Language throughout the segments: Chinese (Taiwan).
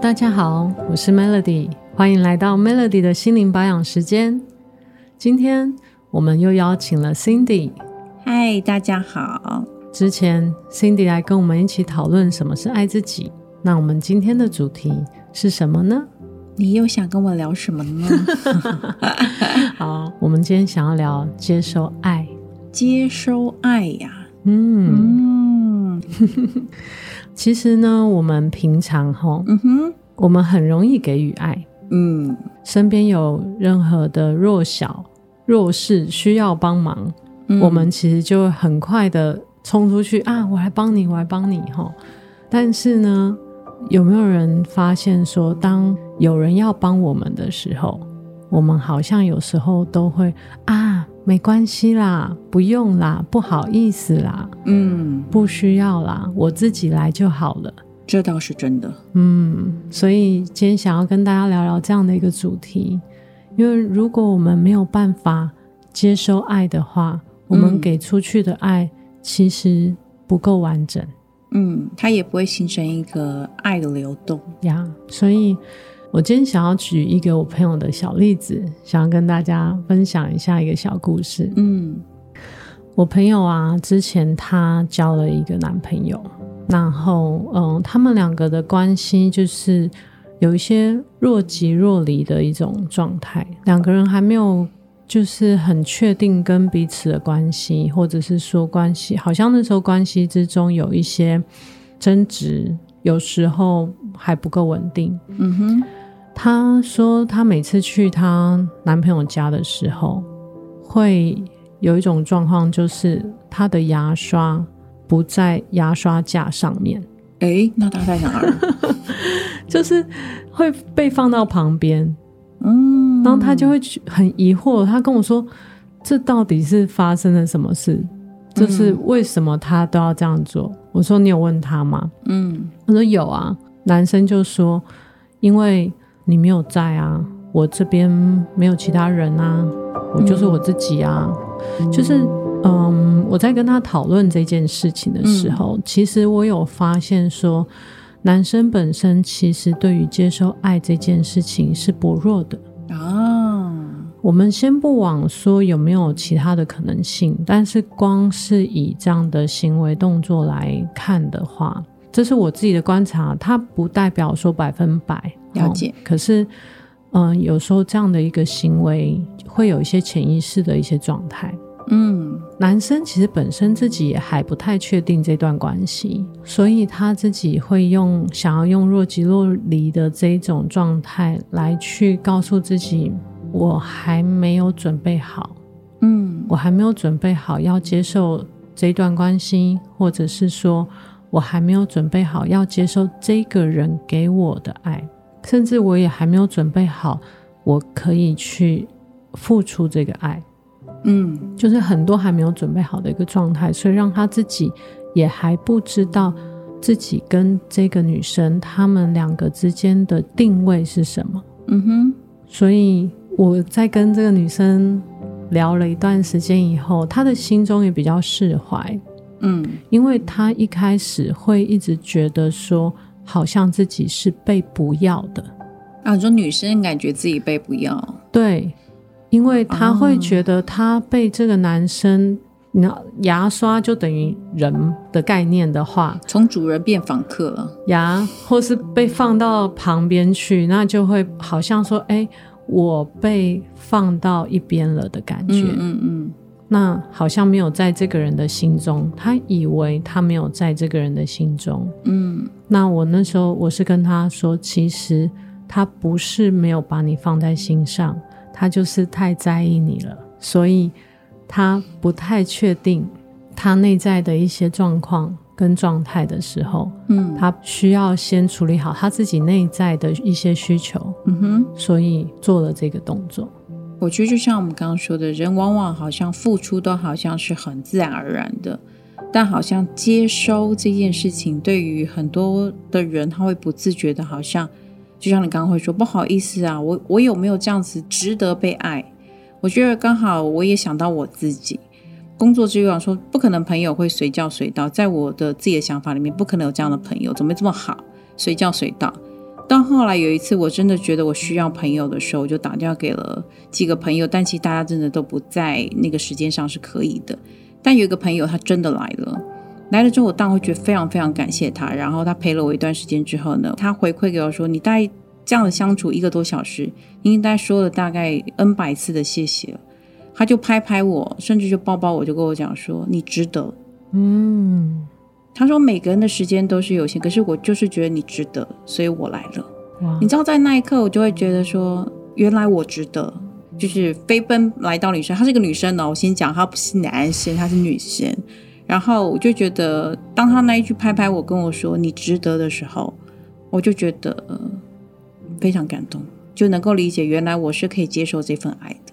大家好，我是 Melody，歡迎來到 Melody 的心靈保養時間。今天我們又邀請了 Cindy，嗨，Hi, 大家好。之前 Cindy 來跟我們一起討論什麼是愛自己，那我們今天的主題是什麼呢？你又想跟我聊什麼呢？ 好，我們今天想要聊接收愛，接收愛呀、啊，嗯。嗯 其實呢，我們平常吼，嗯哼，我們很容易給予愛。嗯，身邊有任何的弱小、弱勢需要幫忙，嗯、我們其實就很快的衝出去啊！我來幫你，我來幫你，吼，但是呢，有沒有人發現說，當有人要幫我們的時候，我們好像有時候都會啊？沒關係啦，不用啦，不好意思啦，嗯，不需要啦，我自己來就好了。這倒是真的，嗯。所以今天想要跟大家聊聊這樣的一個主題，因為如果我們沒有辦法接收愛的話，嗯，我們給出去的愛其實不夠完整，嗯，它也不會形成一個愛的流動呀。Yeah, 所以。我今天想要舉一個我朋友的小例子，想要跟大家分享一下一個小故事。嗯，我朋友啊，之前她交了一個男朋友，然後嗯，他們兩個的關係就是有一些若即若離的一種狀態，兩個人還沒有就是很確定跟彼此的關係，或者是說關係好像那時候關係之中有一些爭執，有時候還不夠穩定。嗯哼。她說：“她每次去她男朋友家的時候，會有一種狀況，就是她的牙刷不在牙刷架上面。哎、欸，那他在哪兒？ 就是會被放到旁邊。嗯，然後她就會去很疑惑。她跟我說：‘這到底是發生了什麼事？就是為什麼他都要這樣做？’我說：‘你有問他嗎？’嗯，她說：‘有啊。’男生就說：‘因為……’你沒有在啊，我這邊沒有其他人啊，我就是我自己啊。嗯、就是，嗯，我在跟他討論這件事情的時候、嗯，其實我有發現說，男生本身其實對於接受愛這件事情是薄弱的啊。我們先不往說有沒有其他的可能性，但是光是以這樣的行為動作來看的話，這是我自己的觀察，它不代表說百分百。了解，可是，嗯，呃，有時候這樣的一個行為會有一些潛意識的一些狀態。嗯，男生其實本身自己也還不太確定這段關係，所以他自己會用想要用若即若離的這種狀態來去告訴自己，我還沒有準備好。嗯，我還沒有準備好要接受這段關係，或者是說我還沒有準備好要接受這個人給我的愛。甚至我也還沒有準備好，我可以去付出這個愛，嗯，就是很多還沒有準備好的一個狀態，所以讓他自己也還不知道自己跟這個女生他們兩個之間的定位是什麼，嗯哼。所以我在跟這個女生聊了一段時間以後，她的心中也比較釋懷，嗯，因為她一開始會一直覺得說。好像自己是被不要的啊，說女生感覺自己被不要，對，因為她會覺得她被這個男生，那、哦、牙刷就等於人的概念的話，從主人變訪客了，牙或是被放到旁邊去，那就會好像說，哎，我被放到一邊了的感覺，嗯嗯。嗯那好像沒有在這個人的心中，他以為他沒有在這個人的心中，嗯。那我那時候我是跟他說，其實他不是沒有把你放在心上，他就是太在意你了，所以他不太確定他內在的一些狀況跟狀態的時候，嗯，他需要先處理好他自己內在的一些需求，嗯哼，所以做了這個動作。我覺得就像我們剛剛說的，人往往好像付出都好像是很自然而然的，但好像接收這件事情，對於很多的人，他會不自覺的，好像就像你剛剛會說，不好意思啊，我我有沒有這樣子值得被愛？我覺得剛好我也想到我自己，工作之餘啊，說不可能朋友會隨叫隨到，在我的自己的想法裡面，不可能有這樣的朋友，怎麼這麼好，隨叫隨到？到後來有一次，我真的覺得我需要朋友的時候，我就打電話給了幾個朋友，但其實大家真的都不在那個時間上是可以的。但有一個朋友他真的來了，來了之後我當然會覺得非常非常感謝他。然後他陪了我一段時間之後呢，他回饋給我說：“你大概這樣的相處一個多小時，你應該說了大概 N 百次的謝謝。”他就拍拍我，甚至就抱抱我，就跟我講說：“你值得。”嗯。他說：“每個人的時間都是有限，可是我就是覺得你值得，所以我來了。Wow. 你知道，在那一刻，我就會覺得說，原來我值得，就是飛奔來到女生。她是個女生呢，我先講，她不是男生，她是女生。然後我就覺得，當她那一句拍拍我，跟我說‘你值得’的時候，我就覺得、呃、非常感動，就能夠理解原來我是可以接受這份愛的。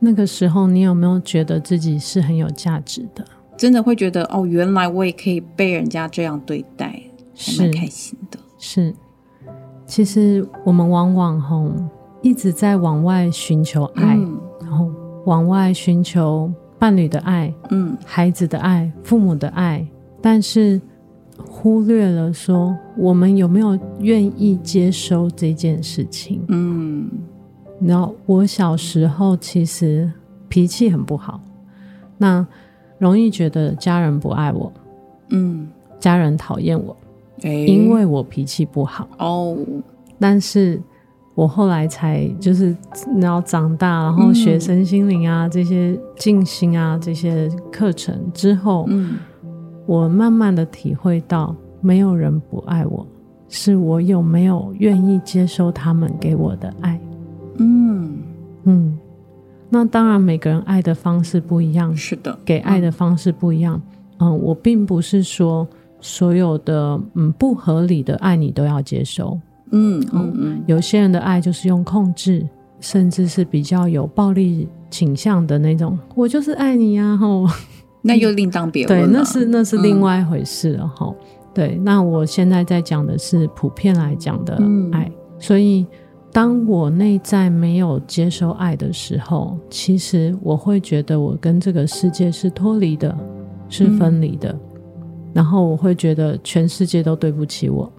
那個時候，你有沒有覺得自己是很有價值的？”真的會覺得哦，原來我也可以被人家這樣對待，蠻開心的是。是，其實我們往往吼一直在往外尋求愛、嗯，然後往外尋求伴侶的愛、嗯孩子的愛、父母的愛，但是忽略了說我們有沒有願意接收這件事情。嗯，然後我小時候其實脾氣很不好，那。容易覺得家人不愛我，嗯，家人討厭我、欸，因為我脾氣不好哦。但是，我後來才就是，然後長大，然後學身心靈啊、嗯、這些靜心啊這些課程之後、嗯，我慢慢的體會到，沒有人不愛我，是我有沒有願意接受他們給我的愛？嗯嗯。那當然，每個人愛的方式不一樣，是的，給愛的方式不一樣。嗯，嗯，我並不是說所有的嗯、不合理的愛你都要接受。嗯嗯嗯，有些人的愛就是用控制，甚至是比較有暴力傾向的那種。我就是愛你呀、啊，吼，那又另當別論，對，那是那是另外一回事了、嗯，吼，對，那我現在在講的是普遍來講的愛、嗯，所以。當我內在沒有接受愛的時候，其實我會覺得我跟這個世界是脫離的，是分離的。嗯。然後我會覺得全世界都對不起我，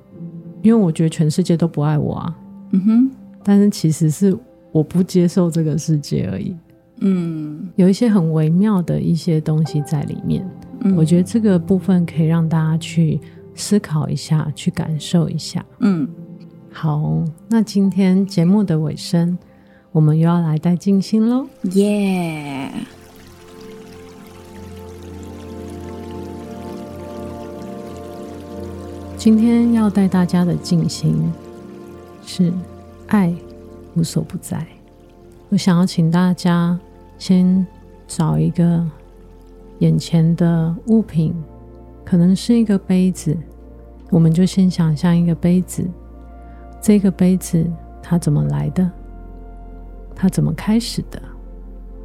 因為我覺得全世界都不愛我啊。嗯哼。但是其實是我不接受這個世界而已。嗯，有一些很微妙的一些東西在裡面。嗯。我覺得這個部分可以讓大家去思考一下，去感受一下。嗯。好，那今天節目的尾聲，我們又要來帶靜心嘍。耶、yeah！今天要帶大家的靜心是愛無所不在。我想要請大家先找一個眼前的物品，可能是一個杯子，我們就先想象一個杯子。這個杯子它怎麼來的？它怎麼開始的？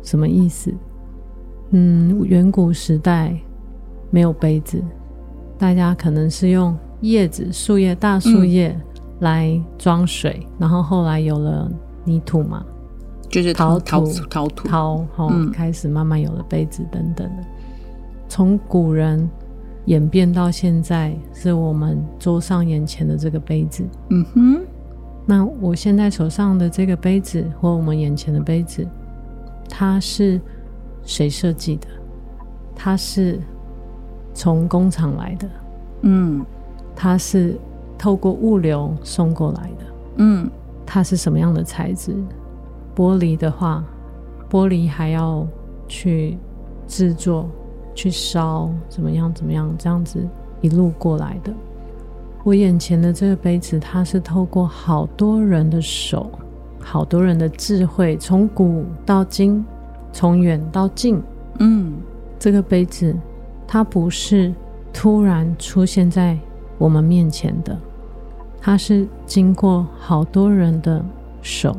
什麼意思？嗯，遠古時代沒有杯子，大家可能是用葉子、樹葉、大樹葉來裝水，嗯、然後後來有了泥土嘛，就是陶陶土陶陶，陶，陶，陶、嗯，開始慢慢有了杯子等等從古人。演變到現在，是我們桌上眼前的這個杯子。嗯哼，那我現在手上的這個杯子，或我們眼前的杯子，它是誰設計的？它是從工廠來的。嗯，它是透過物流送過來的。嗯，它是什麼樣的材質？玻璃的話，玻璃還要去製作。去燒怎麼樣？怎麼樣？這樣子一路過來的。我眼前的這個杯子，它是透過好多人的手，好多人的智慧，從古到今，從遠到近。嗯，這個杯子它不是突然出現在我們面前的，它是經過好多人的手，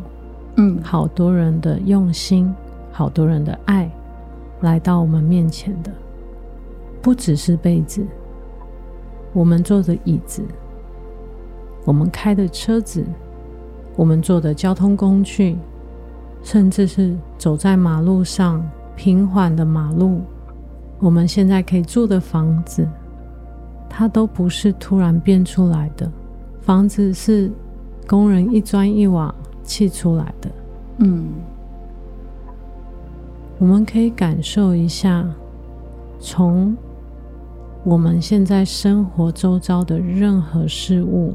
嗯，好多人的用心，好多人的愛，來到我們面前的。不只是被子，我們坐的椅子，我們開的車子，我們坐的交通工具，甚至是走在馬路上平緩的馬路，我們現在可以住的房子，它都不是突然變出來的。房子是工人一磚一瓦砌出來的。嗯，我們可以感受一下從。我們現在生活周遭的任何事物，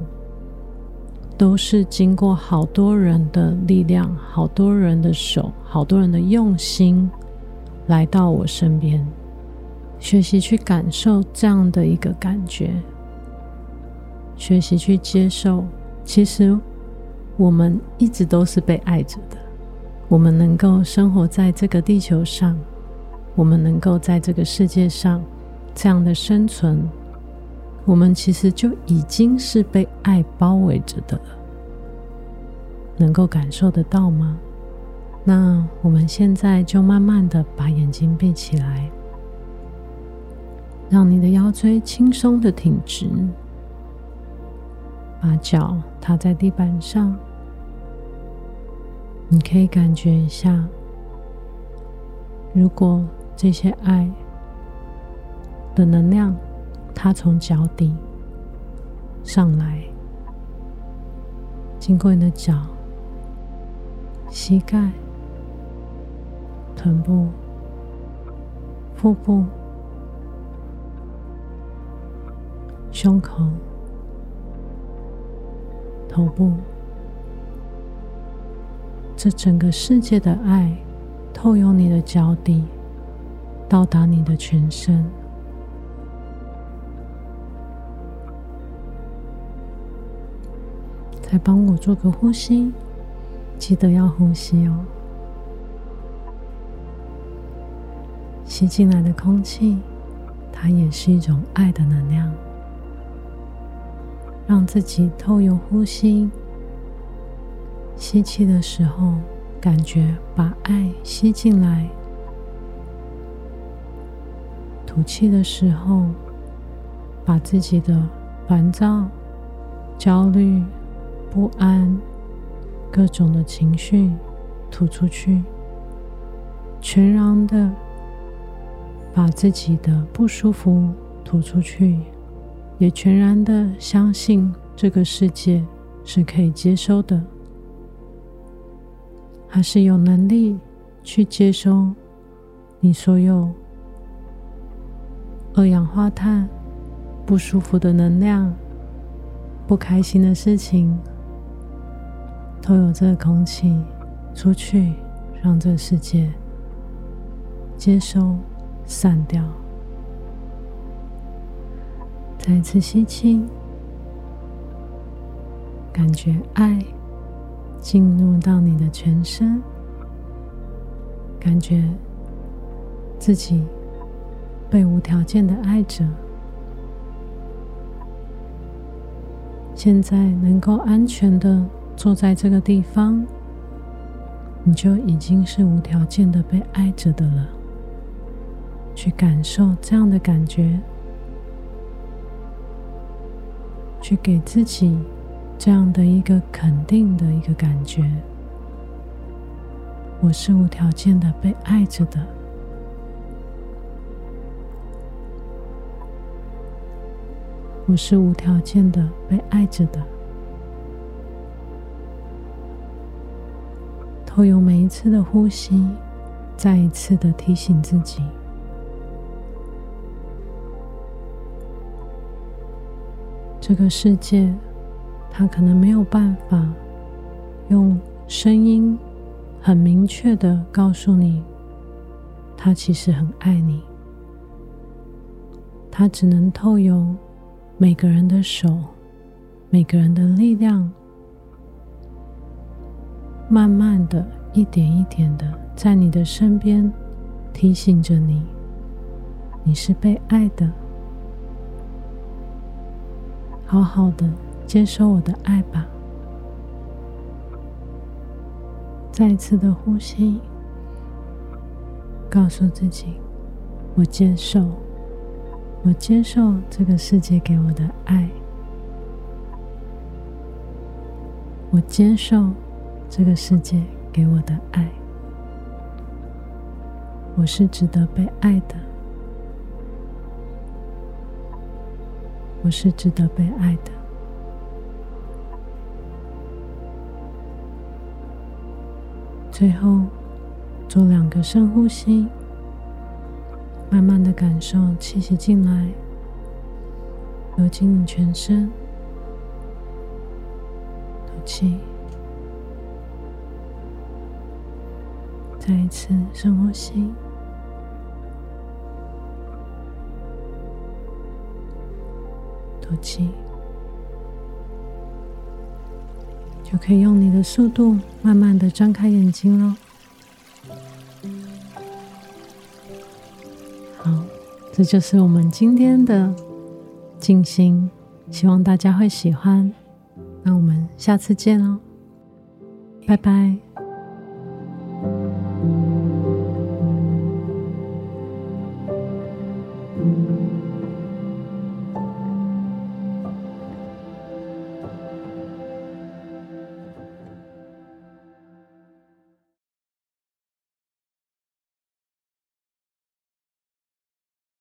都是經過好多人的力量、好多人的手、好多人的用心來到我身邊。學習去感受這樣的一個感覺，學習去接受。其實我們一直都是被愛着的。我們能夠生活在這個地球上，我們能夠在這個世界上。這樣的生存，我們其實就已經是被愛包圍着的了。能夠感受得到嗎？那我們現在就慢慢的把眼睛閉起來，讓你的腰椎輕鬆的挺直，把腳踏在地板上。你可以感覺一下，如果這些愛。的能量，它從腳底上來，經過你的腳、膝蓋、臀部、腹部、胸口、頭部，這整個世界的愛，透由你的腳底，到達你的全身。來幫我做個呼吸，記得要呼吸哦。吸進來的空氣，它也是一種愛的能量，讓自己透過呼吸，吸氣的時候，感覺把愛吸進來；吐氣的時候，把自己的煩躁、焦慮，不安，各種的情緒吐出去，全然的把自己的不舒服吐出去，也全然的相信這個世界是可以接收的，還是有能力去接收你所有二氧化碳，不舒服的能量、不開心的事情。透有這個空氣出去，讓這個世界接收、散掉。再次吸氣，感覺愛進入到你的全身，感覺自己被無條件的愛着。現在能夠安全的。坐在這個地方，你就已經是無條件的被愛着的了。去感受這樣的感覺，去給自己這樣的一個肯定的一個感覺。我是無條件的被愛着的。我是無條件的被愛着的。透由每一次的呼吸，再一次的提醒自己，這個世界，它可能沒有辦法用聲音很明確的告訴你，他其實很愛你，它只能透由每個人的手，每個人的力量。慢慢的，一點一點的，在你的身邊提醒着你，你是被愛的。好好的接受我的愛吧。再一次的呼吸，告訴自己：我接受，我接受這個世界給我的愛。我接受。這個世界給我的愛，我是值得被愛的，我是值得被愛的。最後做兩個深呼吸，慢慢的感受氣息進來，流進你全身，吐氣。再一次深呼吸，吐氣，就可以用你的速度慢慢的張開眼睛了。好，這就是我們今天的靜心，希望大家會喜歡。那我們下次見嘍，拜拜。